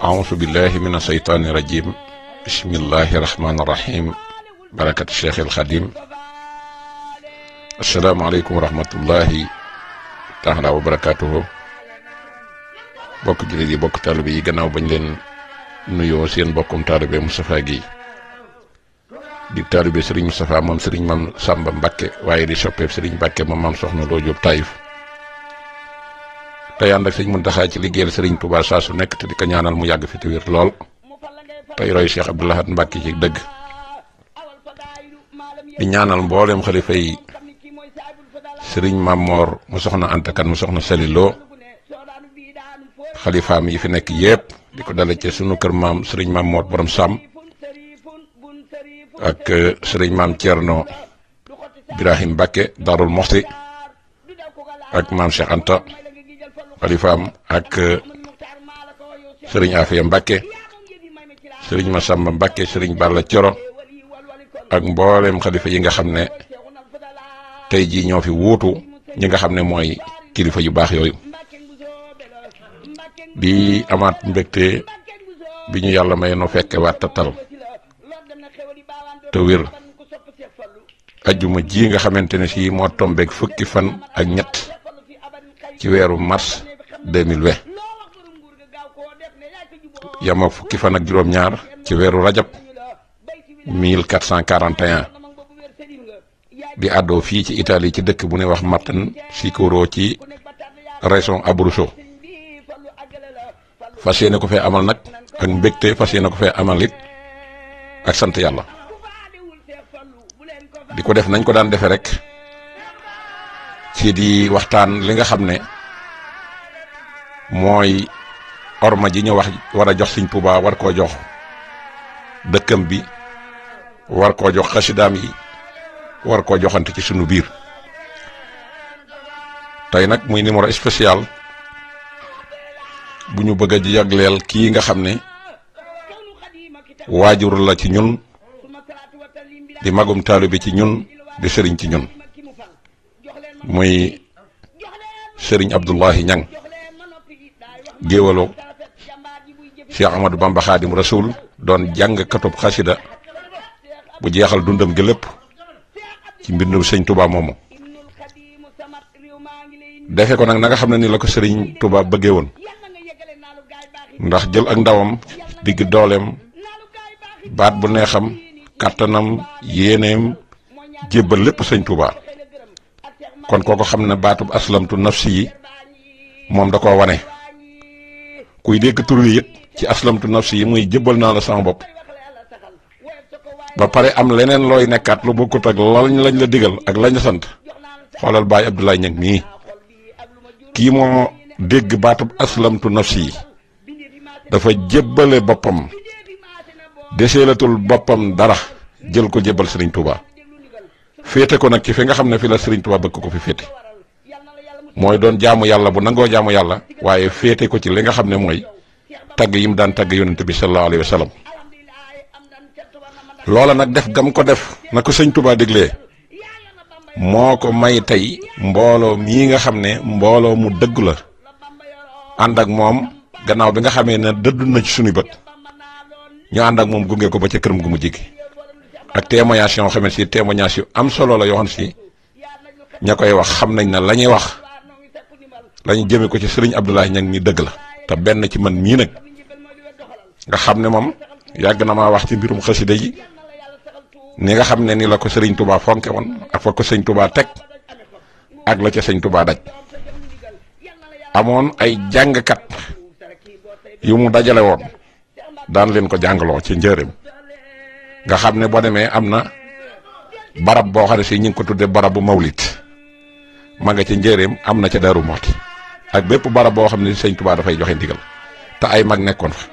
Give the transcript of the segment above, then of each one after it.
a billahi min asheytaani rajim bismillahi rahmaani rahim barakatu cheikh al xadim asalaamaaleykum wa rahmatullahi taala wa barakatuhu bokk jullit yi bokk taalibe yi gannaaw bañ leen nuyoo seen bokkum taalibe Moustapha Guèye di taalibe sëriñ Moustapha moom sëriñ Maam Samba Mbàkke waaye di soppeeb sëriñ Mbàkke moom soxna loo Jóob Taayif tey ànd ak sëñ Muntaxa ci liggéeyal sëriñ Touba saa su nekk te di ko ñaanal mu yàgg fi te wér lool tey roy Cheikh Abdoul Ahad ci dëgg di ñaanal mboolem xalifa yi sëriñ Mamor mu soxna Anta Kan mu soxna Saliloo xalifaam yi fi nekk yépp di ko dale ci sunu kër maam sëriñ mam Mamor boroom Sàmm ak euh, sëriñ maam Thierno Birahim Mbacke Darul Moxti ak maam Cheikh Anta. xalifaam ak euh, sëriñ Afia Mbacke sëriñ ma Massamba Mbacke sëriñ Balla Coro ak mbooleem xalifa yi nga xam ne tey jii ñoo fi wuutu ñi nga xam ne mooy kilifa yu baax yooyu di amaat mbekke bi ñu yàlla may nu fekke waat tal te ajjuma ji nga xamante ne sii moo tombeeg fukki fan ak ñett ci weeru mars 2020 yama fukki fan ak juróom-ñaar ci weeru rajab 1441 di àddoo fii ci Italie ci dëkk bu ne wax Martin Sicuro ci région Abruzzo fas yéene ko fee amal nag ak mbégte fas yéene ko fee amal it ak sant yàlla di ko def nañ ko daan defee rek ci di waxtaan li nga xam ne. mooy orma ji ñu wax war a jox siñ Tuubaa war koo jox dëkkam bi war koo jox xasidaam yi war koo joxante ci suñu biir tey nag muy numéro spécial bu ñu bëgg a jagleel kii nga xam ne waajur la ci ñun di magum taalibe ci ñun di sëriñ ci ñun muy sëriñ Abdoulahi Niang géewaloog Cheikh Amadou Bamba doon jàng katub xasida bu jeexal dundam gi lépp ci mbindum sëñ Touba moomu defe ko nag nanga xam ne ni la ko sëriñ Touba bëggee woon ndax jël ak ndawam digg dooleem baat bu neexam kàttanam yéeneem jébbal lépp sëñ Touba kon kooko xam ne baatub aslamtu nafsi yi moom da ko wane kuy dégg tur ci aslamtu nafsi yi muy jëbbal naa la sama bopp ba pare am leneen looy nekkaat lu bokkut ak lañ lañ la digal ak lañ la sant xoolal Baye Abdoulaye Niang mii kii moo dégg baatub aslamtu nafsi yi dafa jébbale boppam deseelatul boppam dara jël ko jébbal Serigne Touba féete ko nag ci fi nga xam ne fi la Serigne Touba bëgg ko fi féete. mooy doon jaamu yàlla bu nangoo jaamu yàlla waaye féete ko ci li nga xam ne mooy tagg yi mu daan tagg yonent bi sallallahu alayhi wa sallam loola nag def gam ko def na ko sëñ Touba déglee moo ko may tey mbooloo mii nga xam ne mbooloo mu dëgg la ànd ak moom gannaaw bi nga xamee ne dëdd na ci suñu bët ñu ànd ak moom gunge ko ba ca këram gu mu jigi ak témoignage yoo xam ne si yu am solo la yoo xam si ña koy wax xam nañ na la ñuy wax lañu jëme ko ci sëriñ Abdoulaye Niang ni dëgg la te benn ci man mii nag nga xam ne moom yàgg na maa wax ci mbirum xasida yi ni nga xam ne ni la ko sëriñ tubaa fonke woon ak fa ko sëñ Touba teg ak la ca sëñ Touba daj amoon ay jàngkat yu mu dajale woon daan leen ko jàngaloo ci njëriñ nga xam ne boo demee am na barab boo xam ne si ñu ngi ko tuddee barabu mawlit ma nga ca njëriñ am na ca Daaru Mooti ak bépp barab boo xam ne sëñ Tuubaa dafay joxe ndigal te ay mag nekkoon fa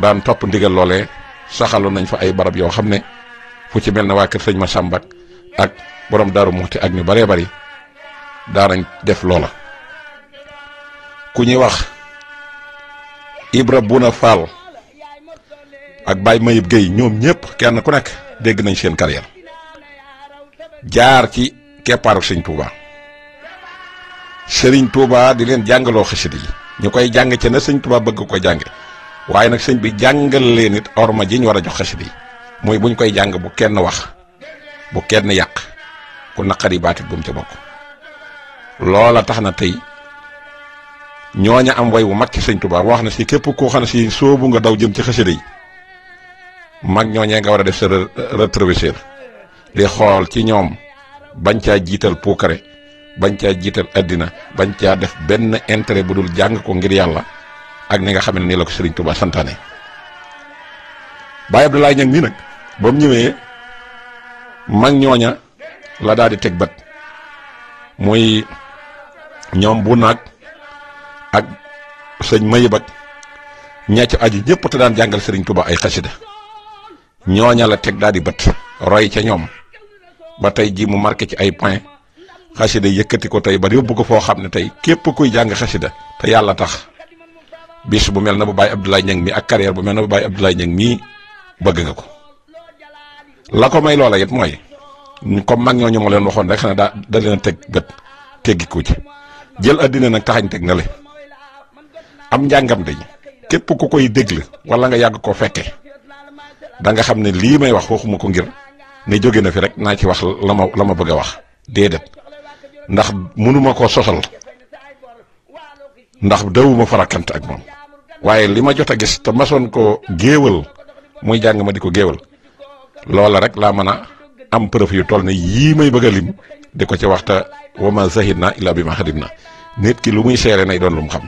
daan topp ndigal loole saxaloon nañ fa ay barab yoo xam ne fu ci mel ne waa kër sëñ ma sàmbak ak boroom daaru muxti ak ñu bëree bëri daanañ def loola ku ñuy wax Ibra Buna Fall ak Baye Mayib Gueye ñoom ñëpp kenn ku nekk dégg nañ seen carrière jaar ci keppaaru sëñ Tuubaa sëriñ Touba di leen jàngaloo xasida yi ñu koy jàng ci na sëñ Touba bëgg ko jànge waaye nag sëñ bi jàngal leen it orma ji ñu war a jox xasida yi mooy buñ koy jàng bu kenn wax bu kenn yàq ku naqari baatit bu ci ca bokk loola tax na tey ñooña am way bu mag ci sëñ Touba wax na si képp koo xam ne si soobu nga daw jëm ci xasida yi mag ñooñee nga war a def sa retroviseur di xool ci ñoom bañ caa jiital puukare bañ caa jiital addina bañ caa def benn intérêt bu dul jàng ko ngir yàlla ak ni nga xam ne ni la ko Serigne Touba santaane Baye Abdoulaye Niang nii nag ba mu ñëwee mag ñooña la daal di teg bat muy ñoom bu naag ak sëñ Mayib ak ña ca aju ñëpp te daan jàngal Serigne Touba ay xasida ñooña la teg daal di bët roy ca ñoom ba tey jii mu marqué ci ay point xasida yëkkati ko tey ba yóbbu ko foo xam ne tey képp kuy jàng xasida te yàlla tax bis bu mel na bu Baye Abdoulaye Niang mi ak carrière bu mel na bu Baye Abdoulaye Niang mii bëgg nga ko la ko may loola it mooy comme mag ñoo ñooñu ma leen waxoon rek xanaa daal da leen teg bët teggi ko ci jël addina nag taxañ teg na le am njàngam dañ képp ku koy déglu wala nga yàgg koo fekke danga xam ne lii may wax waxuma ko ngir ne jóge na fi rek naa ci wax la ma la ma bëgg a wax déedéet ndax mënuma ko sosal ndax dawuma farakant ak moom waaye li ma jot a gis te masoon ko géewal muy jàng ma di ko géewal loola rek laa mën a am preuve yu toll ne yii may bëgg lim di ko ci waxta ma zahid naa illa bi ma xadim na nit ki lu muy seere nay doon lu mu xam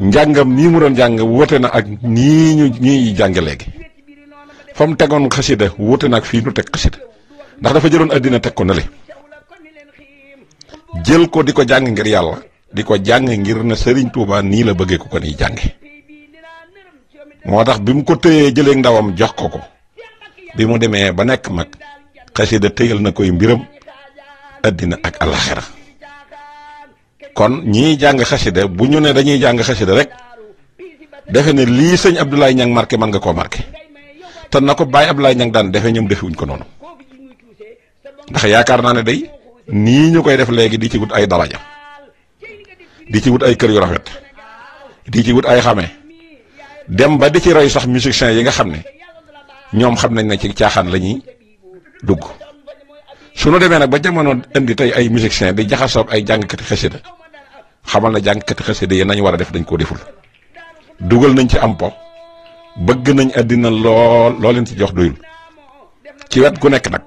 njàngam nii mu doon jàng wute na ak nii ñu ñuy jàng léegi fa mu tegoon xasida wute na ak fii nu teg xasida ndax dafa jëloon àddina teg ko na le jël ko di ko jàng ngir yàlla di ko jàng ngir ne Serigne Touba nii la bëggee ku ko nii jànge moo tax bi mu ko tëyee jëlee ndawam jox ko ko bi mu demee ba nekk mag xasida tëyal na koy mbiram addina ak alaxira kon ñiy jàng xasida bu ñu ne dañuy jàng xasida rek defe ne lii sëñ Abdoulaye Niang marqué mën nga koo marqué te na ko bàyyi Abdoulaye Niang daan defe ñoom defewuñ ko noonu ndax yaakaar naa ne day nii ñu koy def léegi di ci wut ay daraja di ci wut ay kër yu rafet di ci wut ay xame dem ba di ci roy sax musiciens yi nga xam ne ñoom xam nañ ne ci caaxaan la ñuy dugg su ñu demee nag ba jamono indi tey ay musiciens di jaxasoog ay jàngkati xasida xamal na jàngkati xasida yi nañ war a def dañ koo deful dugal nañ ci am po bëgg nañ àddina lool loo leen ci jox doyul ci wet gu nekk nag.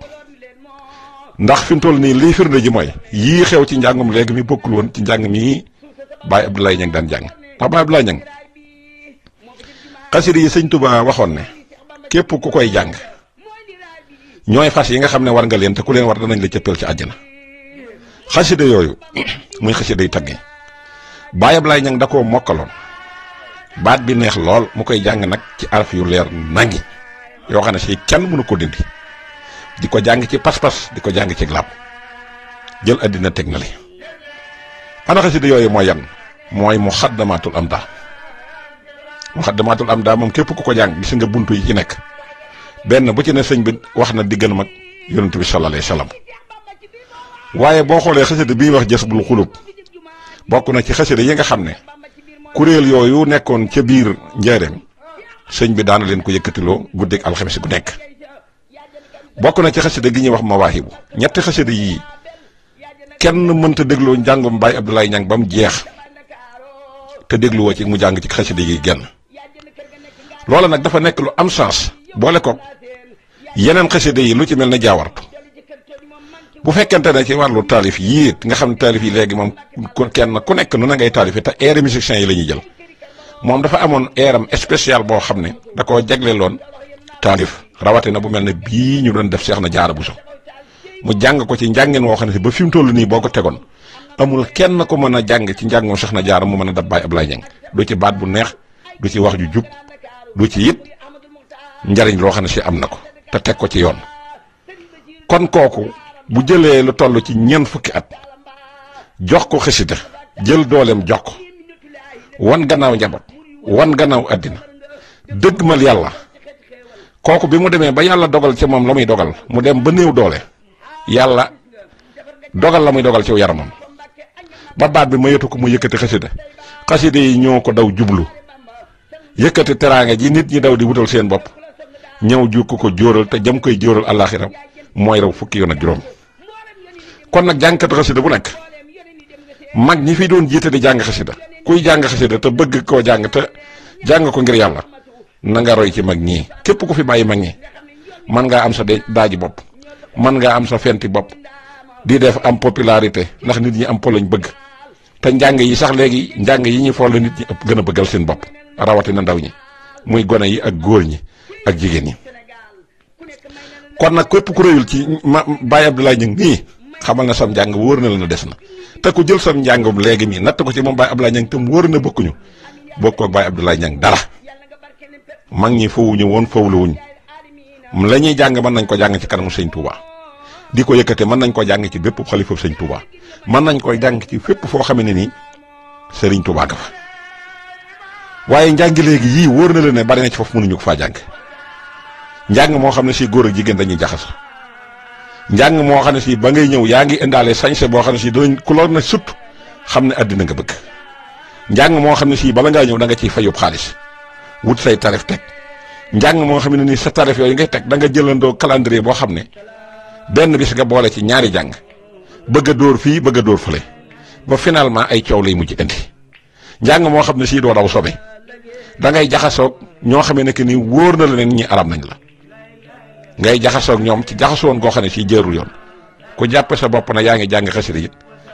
ndax fi mu toll nii lii firnde ji mooy yii xew ci njàngum léegi mi bokkul woon ci njàng mii baay Abdoulaye Niang daan jàng ndax Baye Abdoulaye Niang xasida yi sëñ Tuubaa waxoon ne képp ku koy jàng ñooy fas yi nga xam ne war nga leen te ku leen war danañ la cëppal ci àjjana xasida yooyu muy xasida yu tagg yi Baye Abdoulaye Niang da ko mokkaloon baat bi neex lool mu koy jàng nag ci araf yu leer nangi yoo xam ne si kenn mënu ko dindi di ko jàng ci pas-pas di ko jàng ci làpp jël àddina teg na li ana xasida yooyu mooy yan mooy muxaddamaatul amda muxaddamaatul amda moom képp ku ko jàng si nga bunt yi ci nekk benn bu ci ne sëñ bi wax na diggal mag yonent bi sallallahu waaye boo xoolee xasida bi wax jës bul xulub bokk na ci xasida yi nga xam ne kuréel yooyu nekkoon ca biir njaareem sëñ bi daana leen ko yëkkatiloo guddeeg alxames gu nekk bokk na ci xasida gi ñuy wax bu ñetti xasida yii kenn mënta dégloo njàngum Baye Abdoulaye Niang ba mu jeex te dégluwoo ci mu jàng ci xasida yi genn loola nag dafa nekk lu am chance boole ko yeneen xasida yi lu ci mel ne jaawartu bu fekkente ne ci wàllu taalif yii nga xam ne taalif yi léegi moom kenn ku nekk nu na ngay taalif te aire musiciens yi la ñuy jël moom dafa amoon airam spécial boo xam ne da koo loon taalif rawatina bu mel ne bii ñu doon def Seex na Jaara Buso mu jàng ko ci njàngin woo xam ne ba fi mu toll nii boo ko tegoon amul kenn ko mën a jàng ci njàngoom Seex na Jaara mu mën a dab Baay Ablaay Ñaŋ du ci baat bu neex du ci wax ju jub du ci it njariñ loo xam ne si am na ko te teg ko ci yoon kon kooku bu jëlee lu toll ci ñeent fukki at jox ko xasida jël dooleem jox ko wan gannaaw njaboot wan gannaaw àddina dëgg mal yàlla kooku bi mu demee ba yàlla dogal ci moom la muy dogal mu dem ba néew doole yàlla dogal la muy dogal ci yaramam ba baat bi ma yetu ko mu yëkkati xasida xasida yi ñoo ko daw jublu yëkkati teraanga ji nit ñi daw di wutal seen bopp ñëw jukk ko ko jóoral te jëm koy jóoral àllaaxira mooy raw fukki yoon ak juróom kon nag jàngkatu xasida bu nekk mag ñi fi doon jiite di jàng xasida kuy jàng xasida te bëgg koo jàng te jàng ko ngir yàlla na nga roy ci mag ñii képp ku fi bàyyi mag ñi man ngaa am sa de daaji bopp man ngaa am sa fenti bopp di def am popularité ndax nit ñi am po lañ bëgg te njàng yi sax léegi njàng yi ñuy fool la nit ñi ëpp gën a bëggal seen bopp rawatina ndaw ñi muy gone yi ak góor ñi ak jigéen ñi. kon nag képp ku réyul ci ma Baye Abdoulaye Niang nii xamal na sam njàng wóor na la na des na te ku jël sam njàngam léegi nii natt ko ci moom Baye Abdoulaye Niang tam wóor na bokkuñu bokkoo ak Baye Abdoulaye Niang dara. mag ñi fowuñu woon fowluwuñ la lañuy jàng mën nañ ko jàng ci kanamu sëñ Touba di ko yëkkate mën nañ ko jàng ci bépp xalifa sëñ Touba man nañ koy jàng ci fépp foo xam ni nii sëriñ Touba nga fa waaye njàng léegi yii wóor na la ne bari na ci foofu mënuñu ko faa jàng njàng moo xam ne si góor ak jigéen dañuy jaxas njàng moo xam ne si ba ngay ñëw yaa ngi indaale sañse boo xam ne si danañ ku lool na sut xam ne àddina nga bëgg jàng moo xam ne si bala ngaa ñëw da nga ciy fayub xaalis. wut say tarif teg njàng moo xam ne nii sa tarif yooyu ngay teg da nga jëlandoo calendrier boo xam ne benn bis nga boole ci ñaari jàng bëgg dóor fii bëgg dóor fële ba finalement ay coow lay mujj indi njàng moo xam ne sii doo daw sobe dangay ngay jaxasoog ñoo xamee ne que ni wóor na la ñi arab nañ la ngay jaxasoog ñoom ci jaxasoon goo xam ne sii jërul yoon ku jàpp sa bopp na yaa ngi jàng xasida yi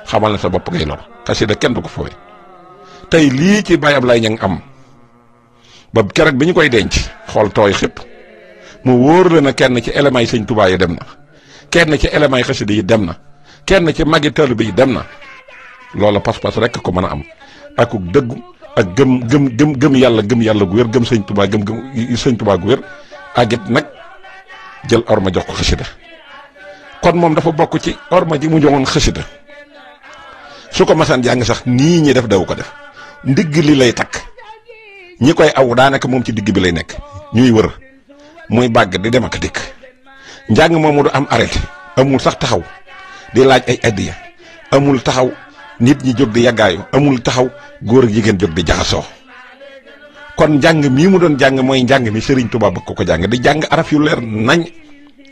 xamal na sa bopp ngay lor xasida kenn du ko fowee tey lii ci Baye Ablaye ña ngi am. ba keroog bi ñu koy denc xool tooy xëpp mu wóor la na kenn ci éléments yi sëñ Tuubaa yi dem na kenn ci éléments yi xasida yi dem na kenn ci magi taalibe yi dem na loola pas-pas rek ko mën a am ak dëggu ak gëm gëm gëm gëm yàlla gëm yàlla gu wér gëm sëñ Tuubaa gëm gëm sëñ Tuubaa gu wér agit nag jël orma jox ko xasida kon moom dafa bokk ci orma ji mu joxoon xasida su ko masaan jàng sax nii ñi def daw ko def ndigg li lay takk ñi koy aw daanaka moom ci digg bi lay nekk ñuy wër muy bàgg di dem ak dikk njàng moomu du am arrêté amul sax taxaw di laaj ay addiya amul taxaw nit ñi jóg di yàggaayu amul taxaw góor ak jigéen jóg di jaxasoo kon njàng mii mu doon jàng mooy njàng mi sëriñ Touba bëgg ko ko jàng di jàng araf yu leer nañ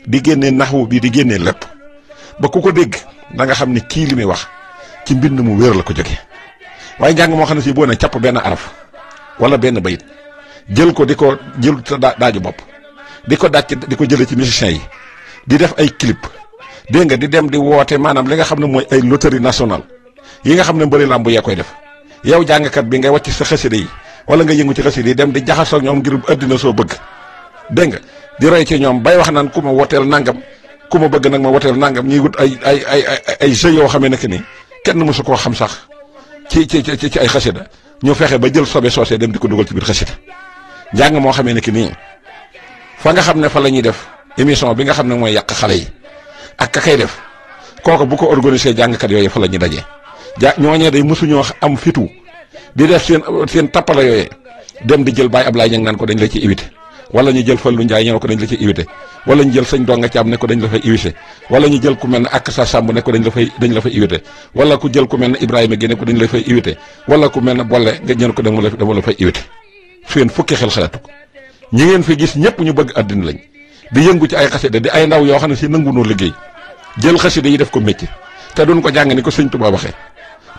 di génnee naxwu bi di génnee lépp ba ku ko dégg danga xam ni kii li muy wax ci mbind mu wéer la ko jóge waaye njàng moo xam ne si boo na capp benn araf. wala benn bayit jël ko di ko jël daaju bopp di ko daaj di ko jëlee ci musiciens yi di def ay kilipp dégg nga di dem di woote maanaam li nga xam ne mooy ay loterie nationale yi nga xam ne mbëri làmb yee koy def yow jàngkat bi ngay wàcc sa xasida yi wala nga yëngu ci xasida yi dem di jaxasoo ak ñoom ngir àddina soo bëgg dégg nga di rey ci ñoom bay wax naan ku ma wooteel nangam ku ma bëgg nag ma wooteel nangam ñi wut ay ay ay ay jeux yoo xamee ne ni kenn mësu koo xam sax ci ci ci ay xasida ñu fexe ba jël sobe soosee dem di ko dugal ci biir xasida jàng moo xamee ne ki nii fa nga xam ne fa la ñuy def émission bi nga xam ne mooy yàq xale yi ak ka def kooku bu ko organisé jàngkat yooyu fa la ñuy daje ja ñooñee day mosuñoo am fitu di def seen seen tappala yooyee dem di jël bàyyi Ablaye ña ngi naan ko dañ la ci éviter. wala ñu jël Fallou Ndiaye ñu ne ko dañ la ci invité wala ñu jël sëñ Donga Thiam ne ko dañ la fay invité wala ñu jël ku mel ne Akassa Samb ne ko dañ la fay dañ la fay invité wala ku jël ku mel ne Ibrahima Guèye ko dañu la fay invité wala ku mel ne Bolle nga ñëw ko dama la dama la fay invité su ngeen fukki xel xalaatu ko ñi ngeen fi gis ñëpp ñu bëgg àddina lañ di yëngu ci ay xasida di ay ndaw yoo xam ne si nangu noo liggéey jël xasida yi def ko métier te duñ ko jàng ni ko sëñ Tuubaa waxee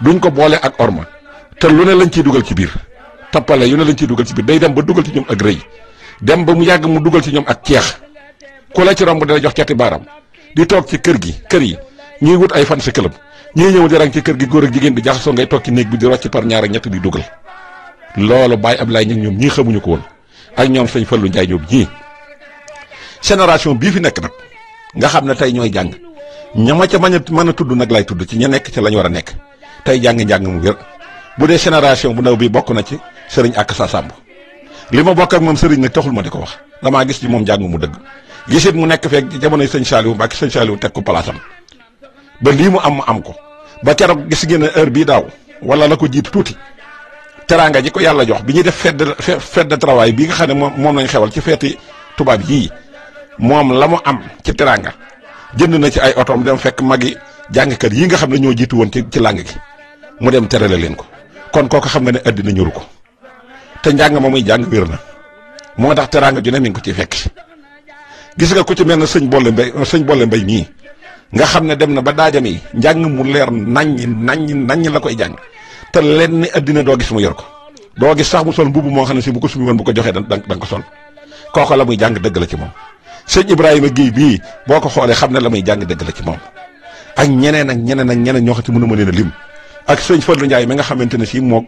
duñ ko boole ak orma te lu ne lañ ciy dugal ci biir tappale yu lañ ciy dugal ci biir day dem ba dugal ñoom ak rëy dem ba mu yàgg mu dugal ci ñoom ak ceex ku la ci romb dala jox cati baaram di toog ci kër gi kër yi ñuy wut ay fan si këlëb ñuy ñëw di rang ci kër gi góor ak jigéen di jaxasoo ngay toog ci néeg bi di rocc par ñaar ak ñett di dugal loolu Baye Ablaye ñi ñii xamuñu ko woon ak ñoom sëñ Fallou Ndiaye ñoom ñii génération bii fi nekk nag nga xam ne tey ñooy jàng ñama ca mañ a mën a tudd nag laay tudd ci ña nekk ca la war a nekk tey jàng mu wér bu dee génération bu ndaw bii bokk na ci sëriñ àkk sa sàmb li ma bokk ak moom sëriñ nag taxul ma di ko wax damaa gis ci moom jàng mu dëgg gisit mu nekk feeg ci jamonoy sëñ Saliou Mbacké sëñ Saliou teg ko palaasam ba lii mu am mu am ko ba keroog gis ngeen heure bii daaw wala la ko jiitu tuuti teraanga ji ko yàlla jox bi ñuy def fête de fête de bi nga xam ne moom moom lañ xewal ci feeti tubaab yii moom la mu am ci teraanga jënd na ci ay otoom dem fekk magi jàngkat yii nga xam ne ñoo jiitu woon ci ci làng gi mu dem terale leen ko kon kooku xam nga ne àddina ñuru ko. te njàng ma muy jàng wér na moo tax teraanga ju ne mi ko ci fekk gis nga ko ci mel ne sëñ boole mbay sëñ boole mbay mii nga xam ne dem na ba daajam yi njàng mu leer naññi nañ naññi la koy jàng te lenn ni na doo gis mu yor ko doo gis sax mu sol mbubb moo xam ne si bu ko sumi woon bu ko joxee da nga ko sol kooku la muy jàng dëgg la ci moom sëñ Ibrahima Guèye bii boo ko xoolee xam ne la muy jàng dëgg la ci moom ak ñeneen ak ñeneen ak ñeneen ñoo xam ne mënuma leen a lim ak sëñ Fallou Ndiaye mi nga xamante ne si moog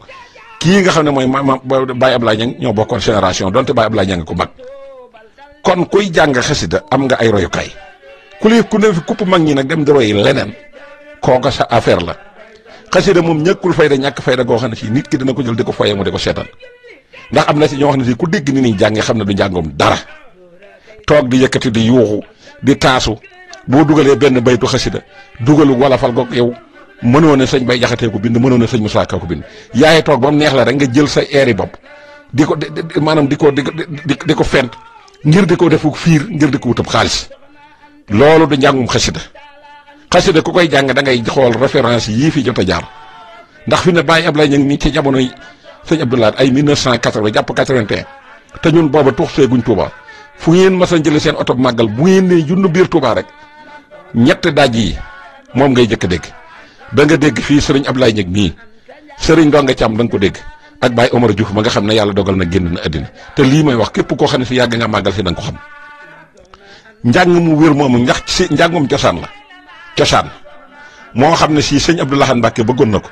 kii nga xam ne mooy maam Baye Ablaye Niang ñoo bokkoon génération donte Baye Ablaye Niang ko mag kon kuy jàng xasida am nga ay royukaay ku lay ku ne fi kupp mag ñi nag dem di roy leneen kooka sa affaire la xasida moom ñàkkul fayda ñàkk fayda goo xam ne si nit ki dina ko jël di ko foyee mu di ko seetaan ndax am na si ñoo xam ne si ku dégg ni ni jàngi xam ne du jàngoom dara toog di yëkkati di yuuxu di taasu boo dugalee benn baytu xasida dugalu walafal goog yow mënoon na sëñ Bay Jaxate ko bind mënoon na sëñ Musaa Ka ko bind yaay toog ba mu neex la rek nga jël sa eeri bopp di ko maanaam di ko di ko di ko fent ngir di ko defu fiir ngir di ko wutab xaalis loolu du njàngum xasida xasida ku koy jàng da ngay xool référence yii fi jot a jaar ndax fi ne Baye Ablaye ñu ngi nii ci jamonoy sëñ laat ay 1980 jàpp 81 te ñun booba tuux seeguñ Touba fu ngeen mas sa jëlee seen oto màggal bu ngeen nee junn biir Touba ñett daaj yi moom ngay jëkk dégg. da nga dégg fii sëriñ Ablaye Ñeg mii sëriñ Ndonga Thiam da danga ko dégg ak Baye Omar Diouf ma nga xam ne yàlla dogal na génn na àddina te lii mooy wax képp koo xam ne si yàgg nga màggal si da ko xam njàng mu wér moomu ndax si njàngum josaan la cosaan moo xam ne si sëñ Abdou Lahad Mbacke bëggoon na ko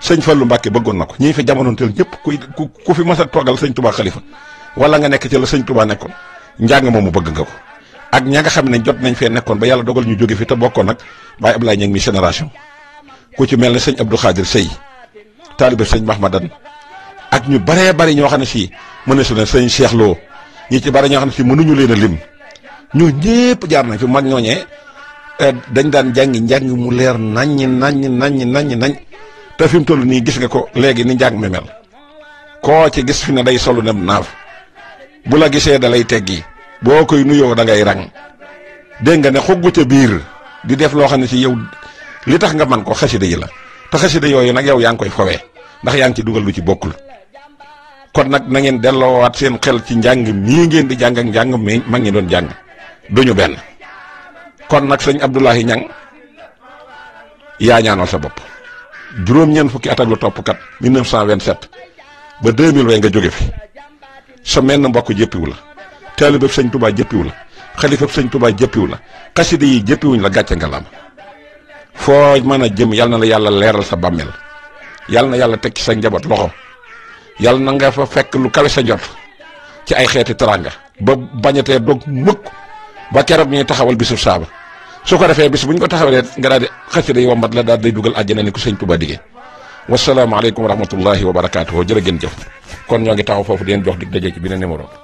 sëñ Fallou Mbacke bëggoon na ko ñi fi jamonoonteel ñëpp kuy ku fi mas a toogal sëñ Touba xalifa wala nga nekk ci la sëñ Touba nekkoon njàng mu bëgg nga ko ak ña nga xam ne jot nañ fee nekkoon ba yàlla dogal ñu jóge fi te bokkoon nag Baye Abdoulaye Niang mi ku ci mel na sëñ Abdou Khadir Sey taalibe sëñ Mahmadan ak ñu baree bari ñoo xam ne si mën na su ne sëñ Cheikh ñi ci bari ñoo xam ne si mënuñu leen a lim ñoo ñépp jaar nañ fi mag ñooñee eh, dañ daan jàngi njàng mu leer naññ nañ naññ naññ nañ te fi mu toll nii gis nga ko léegi ni njàng mi koo ci gis fi ne day solu ne naaf bu la gisee dalay lay teggi boo koy nuyoo da ngay rang dégg ne xugg ca biir di def loo xam ne si yow li tax nga man ko xasida yi la te xasida yooyu nag yow yaa ngi koy fowee ndax yaa ngi ci dugal lu ci bokkul kon nag na ngeen delloowaat seen xel ci njàng mii ngeen di jàng ak njàng mi mag ñi doon jàng duñu benn kon nag sëñ Abdoulahi Ñang yaa ñaanal sa bopp juróom-ñeent fukki at ak lu topp kat 1927 ba 2020 nga jóge fi sa menn mbokk jëppiwu la taalibab sëñ tubaa jëppiwu la xalifab sëñ Touba jëppiwu la xasida yi jëppiwuñ la gàcce nga foo mën a jëm yal na la yàlla leeral sa bàmmeel yal na yàlla teg ci sa njaboot loxo yal na nga fa fekk lu kawe sa njot ci ay xeeti teraanga ba bañatee dog mukk ba keroog ñuy taxawal bisub saaba su ko defee bis bu ñu ko taxawalee nga daal di xëcc day wombat la daal day dugal àjjana ni ku sëñ Tuba digee wasalaamaaleykum wa rahmatullahi wa barakaatu jërë ngeen jëf kon ñoo ngi taxaw foofu di leen jox dig daje ci beneen numéro.